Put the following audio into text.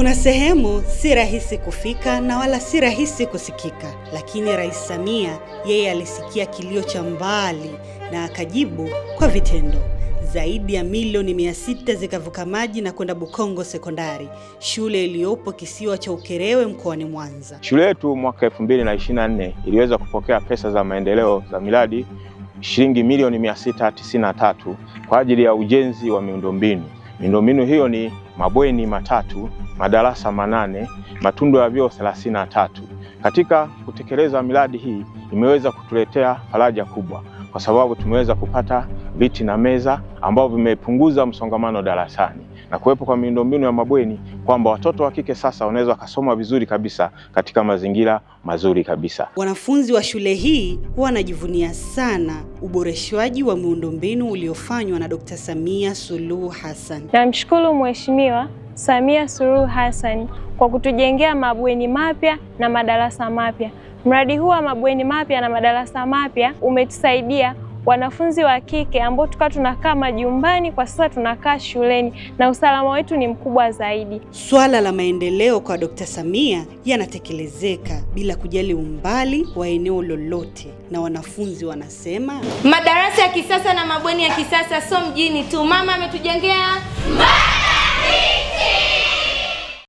Kuna sehemu si rahisi kufika na wala si rahisi kusikika, lakini Rais Samia yeye alisikia kilio cha mbali na akajibu kwa vitendo. Zaidi ya milioni mia sita zikavuka maji na kwenda Bukongo Sekondari, shule iliyopo kisiwa cha Ukerewe mkoani Mwanza. Shule yetu mwaka 2024 iliweza kupokea pesa za maendeleo za miradi shilingi milioni 693 kwa ajili ya ujenzi wa miundombinu. Miundombinu hiyo ni mabweni matatu, madarasa manane, matundu ya vyoo thelathini na tatu. Katika kutekeleza miradi hii imeweza kutuletea faraja kubwa, kwa sababu tumeweza kupata viti na meza ambao vimepunguza msongamano darasani na kuwepo kwa miundombinu ya mabweni, kwamba watoto wa kike sasa wanaweza wakasoma vizuri kabisa katika mazingira mazuri kabisa. Wanafunzi wa shule hii wanajivunia sana uboreshwaji wa miundombinu uliofanywa na Dkt. Samia Suluhu Hassan. Namshukuru Mheshimiwa Samia Suluhu Hassan kwa kutujengea mabweni mapya na madarasa mapya. Mradi huu wa mabweni mapya na madarasa mapya umetusaidia wanafunzi wa kike ambao tukawa tunakaa majumbani, kwa sasa tunakaa shuleni na usalama wetu ni mkubwa zaidi. Swala la maendeleo kwa Dkt. Samia yanatekelezeka bila kujali umbali wa eneo lolote, na wanafunzi wanasema madarasa ya kisasa na mabweni ya kisasa, so mjini tu. Mama ametujengea